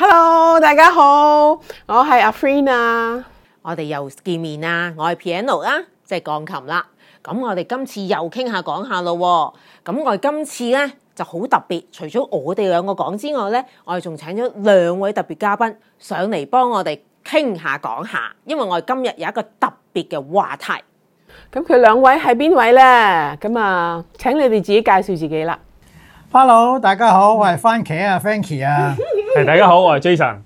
Hello，大家好，我係阿 Fina，我哋又見面啦，我係 Piano 啦，即係鋼琴啦。咁我哋今次又傾下講下咯。咁我哋今次咧就好特別，除咗我哋兩個講之外咧，我哋仲請咗兩位特別嘉賓上嚟幫我哋傾下講下，因為我哋今日有一個特別嘅話題。咁佢兩位係邊位咧？咁啊，請你哋自己介紹自己啦。Hello，大家好，我係番茄啊 ，Fanky 啊。 誒，大家好，我係 Jason。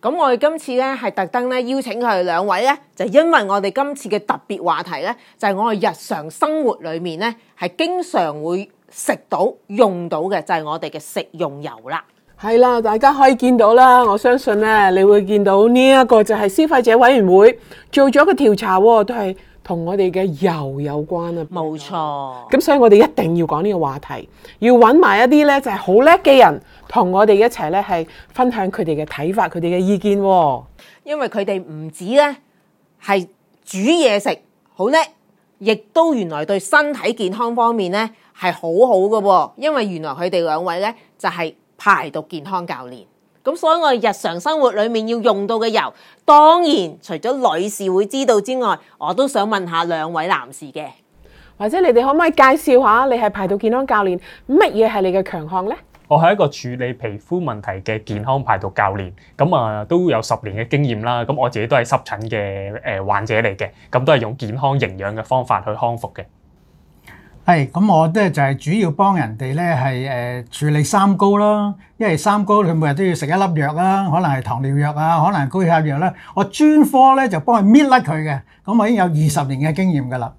咁我哋今次咧係特登咧邀請佢哋兩位咧，就因為我哋今次嘅特別話題咧，就係我哋日常生活裏面咧係經常會食到用到嘅，就係我哋嘅食用油啦。係啦，大家可以見到啦，我相信咧你會見到呢一個就係消費者委員會做咗一個調查，都係。同我哋嘅油有關啊，冇錯。咁所以，我哋一定要講呢個話題，要揾埋一啲呢就係好叻嘅人，同我哋一齊呢係分享佢哋嘅睇法，佢哋嘅意見。因為佢哋唔止呢係煮嘢食好叻，亦都原來對身體健康方面呢係好好嘅。因為原來佢哋兩位呢就係排毒健康教練。咁所以我哋日常生活裏面要用到嘅油，當然除咗女士會知道之外，我都想問下兩位男士嘅，或者你哋可唔可以介紹下你係排毒健康教練，乜嘢係你嘅強項咧？我係一個處理皮膚問題嘅健康排毒教練，咁啊都有十年嘅經驗啦。咁我自己都係濕疹嘅誒、呃、患者嚟嘅，咁都係用健康營養嘅方法去康復嘅。係咁，我咧就係主要幫人哋咧係誒處理三高啦，因為三高佢每日都要食一粒藥啦，可能係糖尿藥啊，可能係高血壓藥啦，我專科咧就幫佢搣甩佢嘅，咁我已經有二十年嘅經驗噶啦。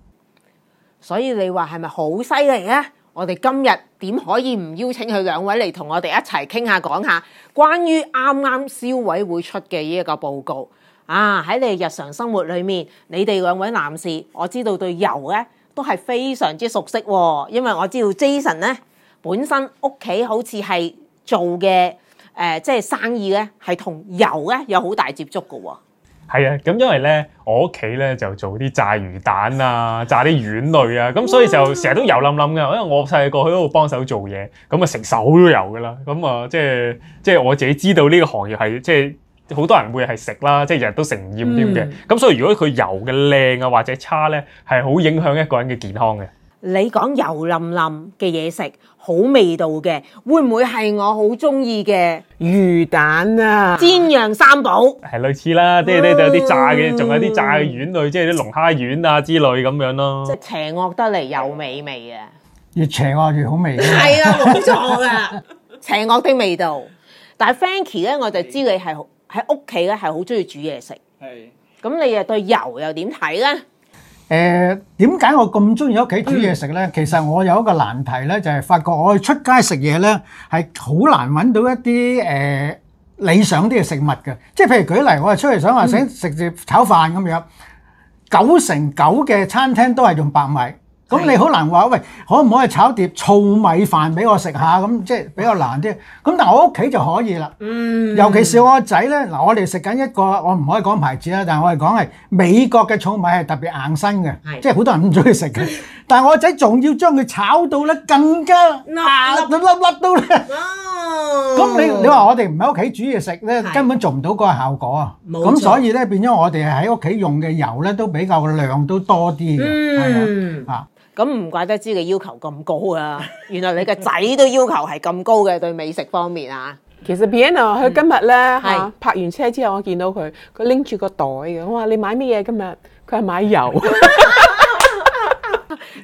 所以你話係咪好犀利咧？我哋今日點可以唔邀請佢兩位嚟，同我哋一齊傾下講下關於啱啱消委會出嘅呢一個報告啊？喺你日常生活裏面，你哋兩位男士，我知道對油咧。都係非常之熟悉喎，因為我知道 Jason 咧本身屋企好似係做嘅誒，即、呃、係、就係、生意咧係同油咧有好大接觸嘅喎、哦。係啊，咁因為咧我屋企咧就做啲炸魚蛋啊，炸啲丸類啊，咁所以就成日都油冧冧嘅。因為我細個去度幫手做嘢，咁啊食手都油噶啦，咁啊即係即係我自己知道呢個行業係即係。好多人會係食啦，即係日日都食唔厭啲咁嘅，咁所以如果佢油嘅靚啊或者差咧，係好影響一個人嘅健康嘅。你講油淋淋嘅嘢食，好味道嘅，會唔會係我好中意嘅魚蛋啊？煎釀三寶係類似啦，即係咧有啲炸嘅，仲有啲炸嘅丸類，即係啲龍蝦丸啊之類咁樣咯。即係邪惡得嚟又美味啊！越邪惡越好味啊！係啊，冇錯啊！邪惡的味道，但係 Frankie 咧，我就知你係好。喺屋企咧係好中意煮嘢食，咁你誒對油又點睇咧？誒點解我咁中意喺屋企煮嘢食咧？其實我有一個難題咧，就係發覺我哋出街食嘢咧，係好難揾到一啲誒理想啲嘅食物嘅。即係譬如舉例，我哋出嚟想話想食隻炒飯咁樣，九成九嘅餐廳都係用白米。咁你好難話喂，可唔可以炒碟糙米飯俾我食下？咁即係比較難啲。咁但係我屋企就可以啦。嗯，尤其是我個仔咧，嗱，我哋食緊一個，我唔可以講牌子啦，但係我係講係美國嘅糙米係特別硬身嘅，係即係好多人唔中意食嘅。但係我個仔仲要將佢炒到咧更加粒粒粒粒都咧。哦，咁你你話我哋唔喺屋企煮嘢食咧，根本做唔到嗰個效果啊。冇錯。咁所以咧變咗我哋喺屋企用嘅油咧都比較量都多啲嘅。嗯，啊。咁唔怪得知佢要求咁高啊！原來你個仔都要求係咁高嘅，對美食方面啊。 其實 p i a n a 佢今日咧、嗯，吓拍完車之後我，我見到佢，佢拎住個袋嘅。我話你買咩嘢今日？佢係買油。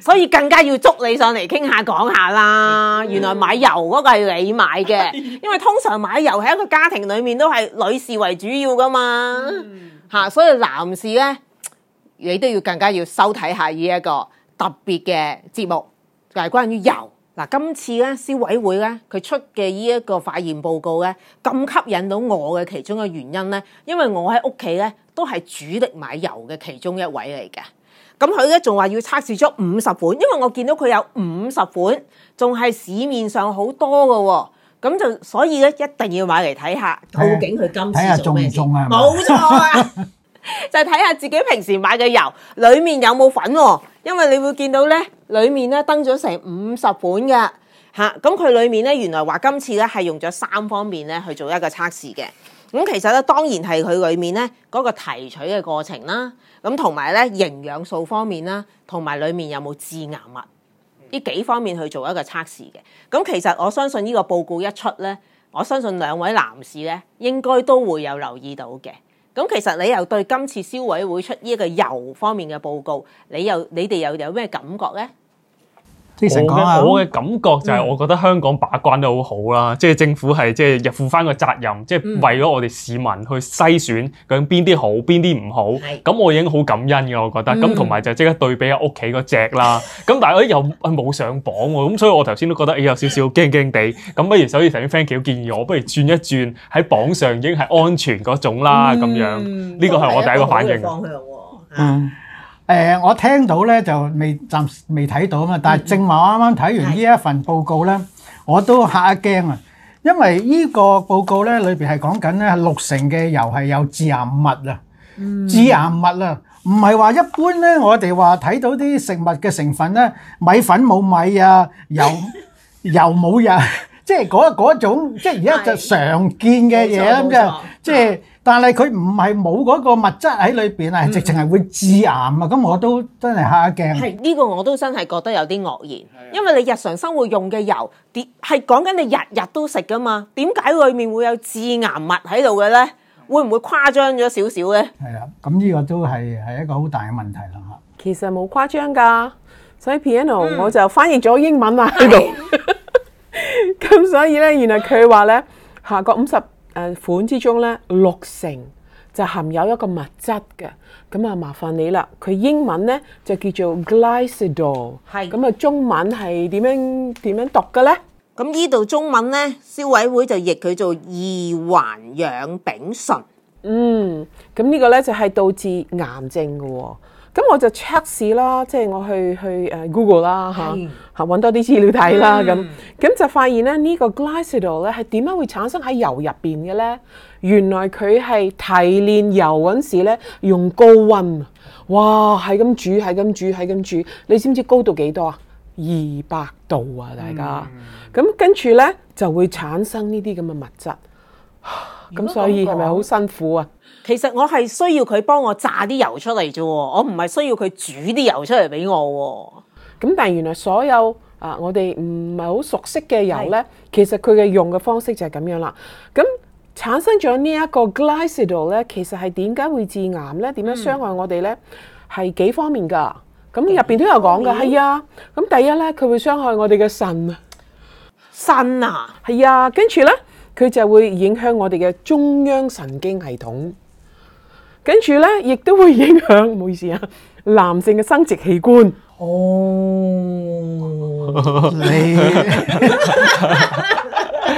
所以更加要捉你上嚟傾下講下啦。原來買油嗰個係你買嘅，因為通常買油喺一個家庭裏面都係女士為主要噶嘛吓，所以男士咧你都要更加要收睇下呢一個。特別嘅節目就係、是、關於油嗱、啊，今次咧消委會咧佢出嘅呢一個化驗報告咧，咁吸引到我嘅其中嘅原因咧，因為我喺屋企咧都係主力買油嘅其中一位嚟嘅。咁佢咧仲話要測試咗五十款，因為我見到佢有五十款，仲係市面上好多嘅、哦。咁就所以咧一定要買嚟睇下，究竟佢今次做咩？冇錯啊！ 就睇下自己平時買嘅油裏面有冇粉，因為你會見到咧，裏面咧登咗成五十本嘅吓，咁、嗯、佢裏面咧原來話今次咧係用咗三方面咧去做一個測試嘅，咁、嗯、其實咧當然係佢裏面咧嗰個提取嘅過程啦，咁同埋咧營養素方面啦，同埋裏面有冇致癌物呢幾方面去做一個測試嘅，咁、嗯、其實我相信呢個報告一出咧，我相信兩位男士咧應該都會有留意到嘅。咁其實你又對今次消委會出呢一個油方面嘅報告，你又你哋又有咩感覺呢？我嘅感覺就係，我覺得香港把關都好好啦，即係、嗯、政府係即係負翻個責任，即、就、係、是、為咗我哋市民去篩選，究竟邊啲好，邊啲唔好，咁、嗯、我已經好感恩嘅，我覺得。咁同埋就即刻對比下屋企嗰隻啦。咁、嗯、但係我啲又冇上榜喎，咁所以我頭先都覺得有少少驚驚地。咁、嗯、不如所以成堆 friend 幾好建議我，不如轉一轉喺榜上已經係安全嗰種啦咁樣。呢個係我第一個反應。嗯、方向嗯。誒、呃，我聽到咧就未暫時未睇到啊嘛，但係正話啱啱睇完呢一份報告咧，嗯、我都嚇一驚啊！因為呢個報告咧裏邊係講緊咧六成嘅油係有致癌物啊、嗯、致癌物啊，致癌物啊，唔係話一般咧，我哋話睇到啲食物嘅成分咧，米粉冇米啊，油 油冇啊，即係嗰種即係而家就係、就常見嘅嘢咁嘅，即係。但係佢唔係冇嗰個物質喺裏邊啊，直情係會致癌啊！咁我都真係嚇一驚。係呢個我都真係覺得有啲愕然，因為你日常生活用嘅油，係講緊你日日都食噶嘛，點解裏面會有致癌物喺度嘅咧？會唔會誇張咗少少咧？係啦，咁呢個都係係一個好大嘅問題啦吓。其實冇誇張噶，所以 Piano 我就翻譯咗英文啦喺度。咁所以咧，原來佢話咧下個五十。誒、啊、款之中咧，六成就含有一個物質嘅，咁啊麻煩你啦。佢英文咧就叫做 Glycidol 係咁啊，中文係點樣點樣讀嘅咧？咁呢度中文咧消委會就譯佢做二環氧丙醇。嗯，咁呢個咧就係、是、導致癌症嘅喎、哦。咁我就測試啦，即係我去去誒 Google 啦嚇，嚇揾、啊、多啲資料睇啦咁，咁、嗯、就發現咧呢、這個 Glycidal 咧係點樣會產生喺油入邊嘅咧？原來佢係提煉油嗰陣時咧用高溫，哇，係咁煮係咁煮係咁煮，煮，煮，你知唔知高度幾多啊？二百度啊，大家，咁、嗯、跟住咧就會產生呢啲咁嘅物質，咁、啊、所以係咪好辛苦啊？其實我係需要佢幫我炸啲油出嚟啫，我唔係需要佢煮啲油出嚟俾我。咁但係原來所有啊、呃，我哋唔係好熟悉嘅油呢，是其實佢嘅用嘅方式就係咁樣啦。咁產生咗呢一個 glycidol 呢，其實係點解會致癌呢？點樣、嗯、傷害我哋呢？係幾方面噶？咁入邊都有講噶，係、嗯、啊。咁第一呢，佢會傷害我哋嘅腎啊，腎啊，係啊。跟住呢，佢就會影響我哋嘅中央神經系統。跟住呢，亦都會影響，唔好意思啊，男性嘅生殖器官。哦，你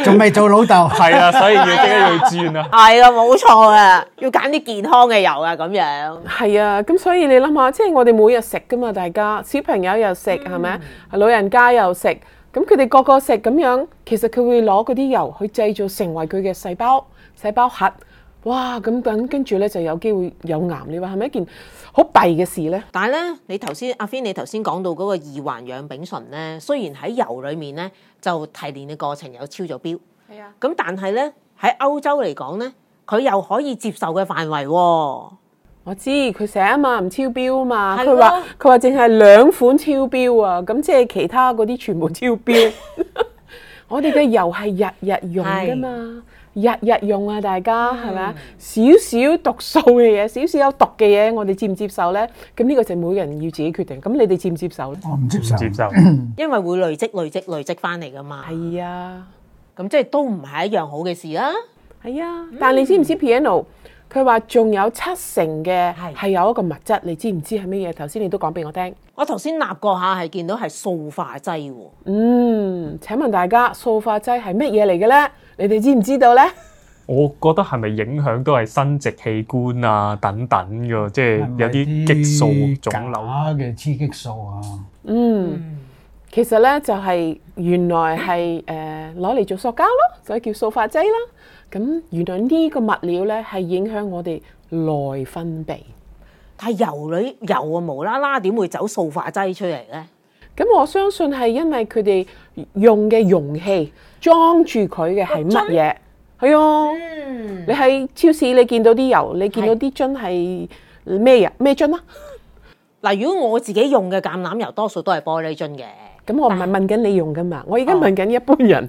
仲未做老豆，係啊，所以要即刻要去轉啊。係啊，冇錯啊，要揀啲健康嘅油啊，咁樣。係啊，咁所以你諗下，即係我哋每日食㗎嘛，大家小朋友又食，係咪啊？老人家又食，咁佢哋個個食咁樣，其實佢會攞嗰啲油去製造成為佢嘅細胞、細胞核。哇，咁等，跟住咧就有機會有癌，你話係咪一件好弊嘅事咧？但係咧，你頭先阿菲，你頭先講到嗰個二環氧丙醇咧，雖然喺油裏面咧就提煉嘅過程有超咗標，係啊，咁但係咧喺歐洲嚟講咧，佢又可以接受嘅範圍喎。我知佢寫啊嘛，唔超標啊嘛，佢話佢話淨係兩款超標啊，咁即係其他嗰啲全部超標。我哋嘅油係日日用㗎嘛。日日用啊，大家係咪？少少 毒素嘅嘢，少少有毒嘅嘢，我哋接唔接受咧？咁呢個就每人要自己決定。咁你哋接唔接受咧？我唔接受。接受。因為會累積、累積、累積翻嚟㗎嘛。係啊、哎呀，咁即係都唔係一樣好嘅事啦。係啊，哎、但係你知唔知 Piano？嗯佢話仲有七成嘅係有一個物質，你知唔知係乜嘢？頭先你都講俾我聽，我頭先納過下係見到係塑化劑喎。嗯，請問大家塑化劑係乜嘢嚟嘅咧？你哋知唔知道咧？我覺得係咪影響都係生殖器官啊等等嘅，即係有啲激素種類啊，假嘅雌激素啊。嗯，其實咧就係原來係誒攞嚟做塑膠咯，所以叫塑化劑啦。咁原來呢個物料呢係影響我哋內分泌，但油裏油啊，無啦啦點會走塑化劑出嚟呢？咁我相信係因為佢哋用嘅容器裝住佢嘅係乜嘢？係瓶哦，嗯、你喺超市你見到啲油，你見到啲樽係咩呀？咩樽是啊？嗱，如果我自己用嘅橄欖油，多數都係玻璃樽嘅。咁我唔係問緊、啊、你用噶嘛，我而家問緊一般人。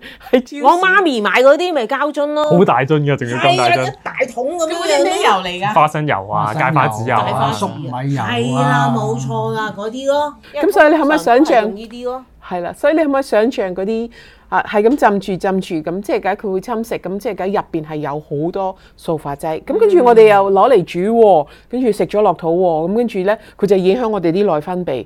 我媽咪買嗰啲咪膠樽咯，好大樽噶，仲要咁大樽，啊、大桶咁樣咩油嚟噶？花生油啊，芥花籽油，油啊，粟、啊、米油係啊，冇錯啊，嗰啲，啊、咯。咁所以你可唔可以想象呢啲咯？係啦、嗯啊，所以你可唔可以想象嗰啲啊？係咁浸住浸住，咁即係解佢會侵蝕，咁即係解入邊係有好多塑化劑。咁跟住我哋又攞嚟煮，跟住食咗落肚，咁跟住咧，佢就影響我哋啲內分泌。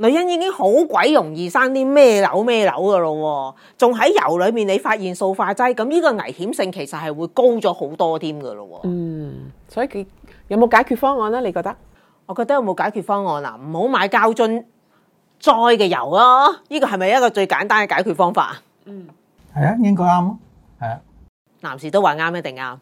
女人已經好鬼容易生啲咩瘤咩瘤噶咯，仲喺油裏面你發現塑化劑，咁呢個危險性其實係會高咗好多添噶咯。嗯，所以佢有冇解決方案咧？你覺得？我覺得有冇解決方案啊？唔好、啊、買膠樽載嘅油咯，呢、呢個係咪一個最簡單嘅解決方法啊？嗯，係啊，應該啱咯，係啊。啊男士都話啱一定啱。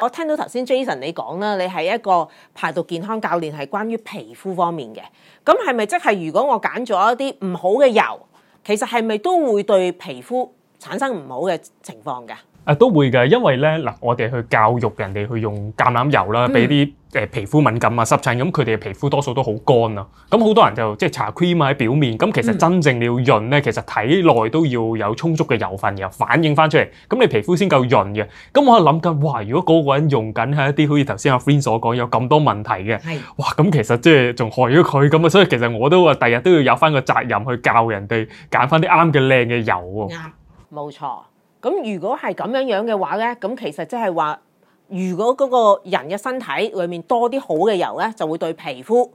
我聽到頭先 Jason 你講啦，你係一個排毒健康教練，係關於皮膚方面嘅。咁係咪即係如果我揀咗一啲唔好嘅油，其實係咪都會對皮膚產生唔好嘅情況㗎？誒、啊、都會嘅，因為咧嗱，我哋去教育人哋去用橄欖油啦，俾啲誒皮膚敏感啊、濕疹咁，佢哋嘅皮膚多數都好乾啊。咁、嗯、好、嗯、多人就即係搽 cream 喺表面，咁、嗯、其實真正你要潤咧，其實體內都要有充足嘅油分，然後反映翻出嚟，咁、嗯、你皮膚先夠潤嘅。咁、嗯、我喺度諗緊，哇！如果嗰個人用緊係一啲，好似頭先阿 Finn 所講，有咁多問題嘅，哇是！咁、嗯、其實即係仲害咗佢咁啊。所以其實我都話第日都要有翻個責任去教人哋揀翻啲啱嘅靚嘅油喎。啱，冇錯。咁如果係咁樣樣嘅話咧，咁其實即係話，如果嗰個人嘅身體裏面多啲好嘅油咧，就會對皮膚。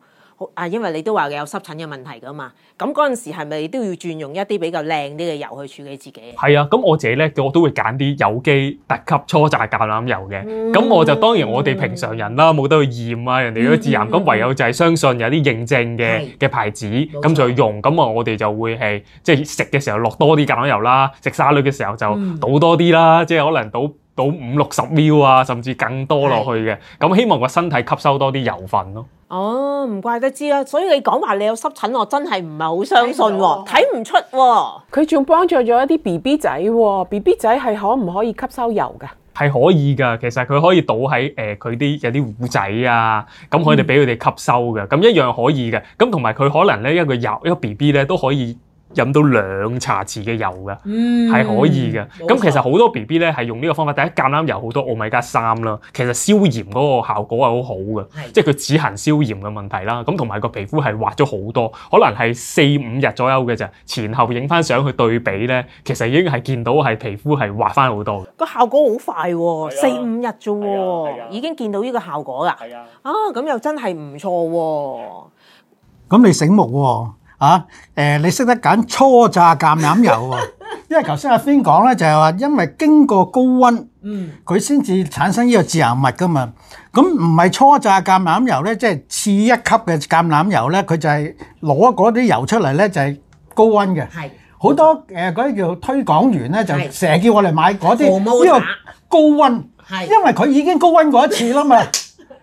啊，因為你都話有濕疹嘅問題噶嘛，咁嗰陣時係咪都要轉用一啲比較靚啲嘅油去處理自己？係啊，咁我自己咧，我都會揀啲有機特級初榨橄欖油嘅。咁我就當然我哋平常人啦，冇得去驗啊，人哋都自驗。咁唯有就係相信有啲認證嘅嘅牌子，咁就要用。咁啊，我哋就會係即係食嘅時候落多啲橄欖油啦，食沙律嘅時候就倒多啲啦，即係可能倒倒五六十 ml 啊，甚至更多落去嘅。咁希望個身體吸收多啲油分咯。哦，唔怪得知啦，所以你講話你有濕疹，我真係唔係好相信，睇唔、哎呦哦、出、哦。佢仲幫助咗一啲 B B 仔、哦、，B B 仔係可唔可以吸收油噶？係可以噶，其實佢可以倒喺誒佢啲有啲糊仔啊，咁佢哋俾佢哋吸收嘅，咁、嗯、一樣可以嘅。咁同埋佢可能咧，一個油，一個 B B 咧都可以。飲到兩茶匙嘅油噶，係、嗯、可以嘅。咁實其實好多 B B 咧係用呢個方法，第一橄欖油好多奧米加三啦，其實消炎嗰個效果係好好嘅，的即係佢止痕消炎嘅問題啦。咁同埋個皮膚係滑咗好多，可能係四五日左右嘅啫。前後影翻相去對比咧，其實已經係見到係皮膚係滑翻好多。效哦、個效果好快喎，四五日啫，已經見到呢個效果啦。啊，咁又真係唔錯喎、哦，咁你醒目喎、哦。啊，誒、呃，你識得揀初榨橄欖油喎、啊， 因為頭先阿芬講咧就係話，因為經過高溫，嗯，佢先至產生呢個致癌物噶嘛。咁唔係初榨橄欖油咧，即係次一級嘅橄欖油咧，佢就係攞嗰啲油出嚟咧，就係高溫嘅。係多，好多誒嗰啲叫推廣員咧，就成日叫我哋買嗰啲呢個高溫，是因為佢已經高溫過一次啦嘛。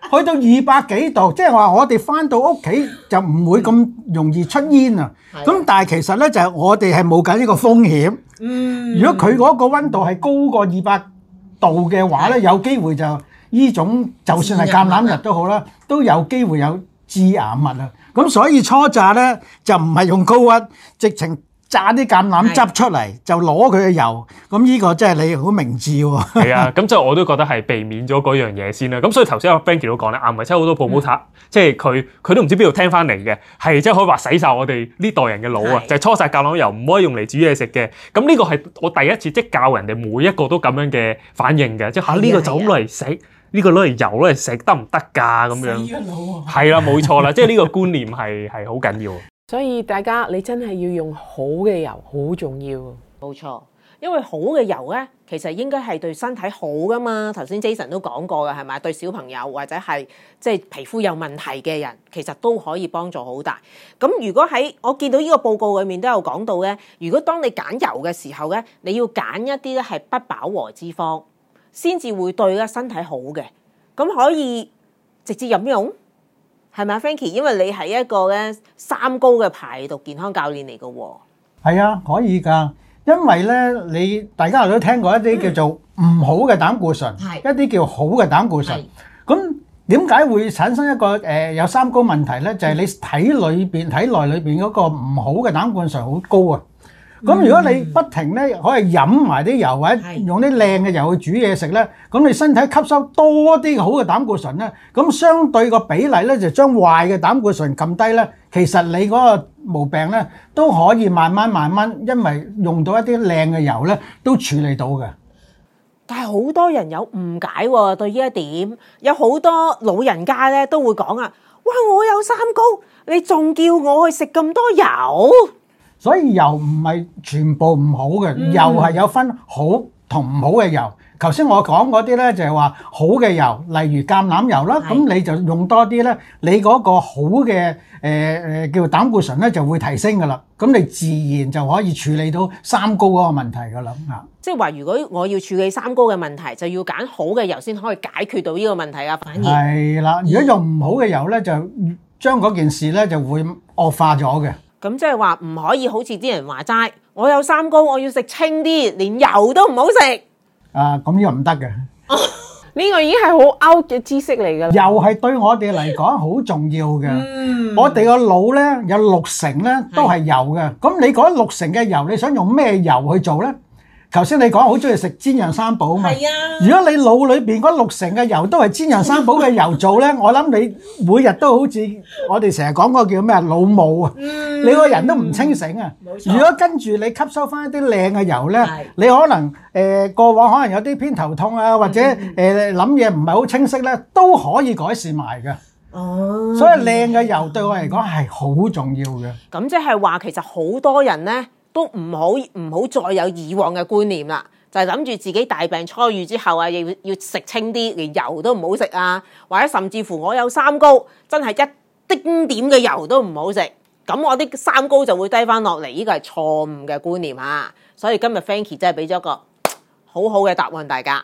去到二百幾度，即係話我哋翻到屋企就唔會咁容易出煙啊。咁但係其實咧就係我哋係冇緊呢個風險。嗯，如果佢嗰個温度係高過二百度嘅話咧，有機會就呢種就算係橄欖油都好啦，都有機會有致癌物啊。咁所以初榨咧就唔係用高溫，直情。揸啲橄欖汁出嚟就攞佢嘅油，咁呢個真係你好明智喎、哦。 係啊，咁即係我都覺得係避免咗嗰樣嘢先啦。咁所以頭先阿 f r i e n 都講咧，亞馬遜好多泡泡塔，嗯、即係佢佢都唔知邊度聽翻嚟嘅，係即係可以話洗曬我哋呢代人嘅腦啊！的就係搓晒橄欖油，唔可以用嚟煮嘢食嘅。咁呢個係我第一次即係、就是、教人哋每一個都咁樣嘅反應嘅，即係嚇呢個就攞嚟食，呢、這個攞嚟油攞嚟食得唔得㗎咁樣？呢係啦，冇、啊、錯啦，即係呢個觀念係係好緊要。所以大家你真係要用好嘅油，好重要。冇錯，因為好嘅油咧，其實應該係對身體好噶嘛。頭先 Jason 都講過噶，係咪？對小朋友或者係即係皮膚有問題嘅人，其實都可以幫助好大。咁如果喺我見到呢個報告裏面都有講到咧，如果當你揀油嘅時候咧，你要揀一啲咧係不飽和脂肪，先至會對咧身體好嘅。咁可以直接飲用。係咪啊，Frankie？因為你係一個咧三高嘅排毒健康教練嚟噶，係啊，可以噶。因為咧，你大家又都聽過一啲叫做唔好嘅膽固醇，係一啲叫好嘅膽固醇。咁點解會產生一個誒有三高問題咧？就係你體裏邊體內裏邊嗰個唔好嘅膽固醇好高啊！咁如果你不停咧，可以飲埋啲油或者用啲靚嘅油去煮嘢食咧，咁你身體吸收多啲好嘅膽固醇咧，咁相對個比例咧就將壞嘅膽固醇撳低咧，其實你嗰個毛病咧都可以慢慢慢慢，因為用到一啲靚嘅油咧都處理到嘅。但係好多人有誤解喎，對呢一點，有好多老人家咧都會講啊，哇！我有三高，你仲叫我去食咁多油？所以油唔係全部唔好嘅，油係、嗯、有分好同唔好嘅油。頭先我講嗰啲呢，就係話好嘅油，例如橄欖油啦，咁是的 你就用多啲呢，你嗰個好嘅誒誒叫膽固醇呢就會提升㗎喇，咁你自然就可以處理到三高嗰個問題㗎喇吓。即係話如果我要處理三高嘅問題，就要揀好嘅油先可以解決到呢個問題啊，反而係啦。如果用唔好嘅油呢，就將嗰件事呢就會惡化咗嘅。咁即係話唔可以好似啲人話齋，我有三高，我要食清啲，連油都唔好食。啊，咁又唔得嘅，呢 個已經係好 out 嘅知識嚟噶。油又係對我哋嚟講好重要嘅。嗯、我哋個腦呢，有六成呢都係油嘅，咁是你講六成嘅油，你想用咩油去做呢？頭先你講好中意食煎釀三寶啊嘛，如果你腦裏邊嗰六成嘅油都係煎釀三寶嘅油做咧，我諗你每日都好似我哋成日講嗰個叫咩啊，腦霧啊，你個人都唔清醒啊。如果跟住你吸收翻一啲靚嘅油咧，你可能誒過往可能有啲偏頭痛啊，或者誒諗嘢唔係好清晰咧，都可以改善埋嘅。哦，所以靚嘅油對我嚟講係好重要嘅。咁即係話其實好多人咧。都唔好唔好再有以往嘅觀念啦，就諗住自己大病初愈之後啊，要要食清啲，連油都唔好食啊，或者甚至乎我有三高，真係一丁點嘅油都唔好食，咁我啲三高就會低翻落嚟，呢個係錯誤嘅觀念啊！所以今日 Frankie 真係俾咗一個好好嘅答案，大家。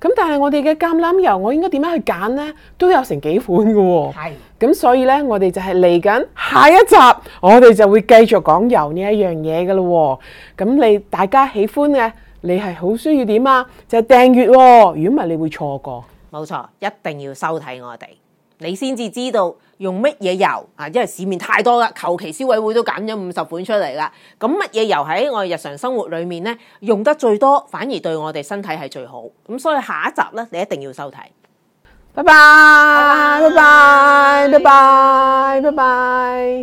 咁但係我哋嘅橄欖油，我應該點樣去揀呢？都有成幾款噶喎、哦。係是。咁所以呢，我哋就係嚟緊下一集，我哋就會繼續講油呢一樣嘢噶啦。咁你大家喜歡嘅，你係好需要點啊？就係訂閱，如果唔係你會錯過。冇錯，一定要收睇我哋。你先至知道用乜嘢油啊！因為市面太多啦，求其消委會都揀咗五十款出嚟啦。咁乜嘢油喺我哋日常生活裏面呢？用得最多，反而對我哋身體係最好。咁所以下一集呢，你一定要收睇。拜拜拜拜拜拜拜拜。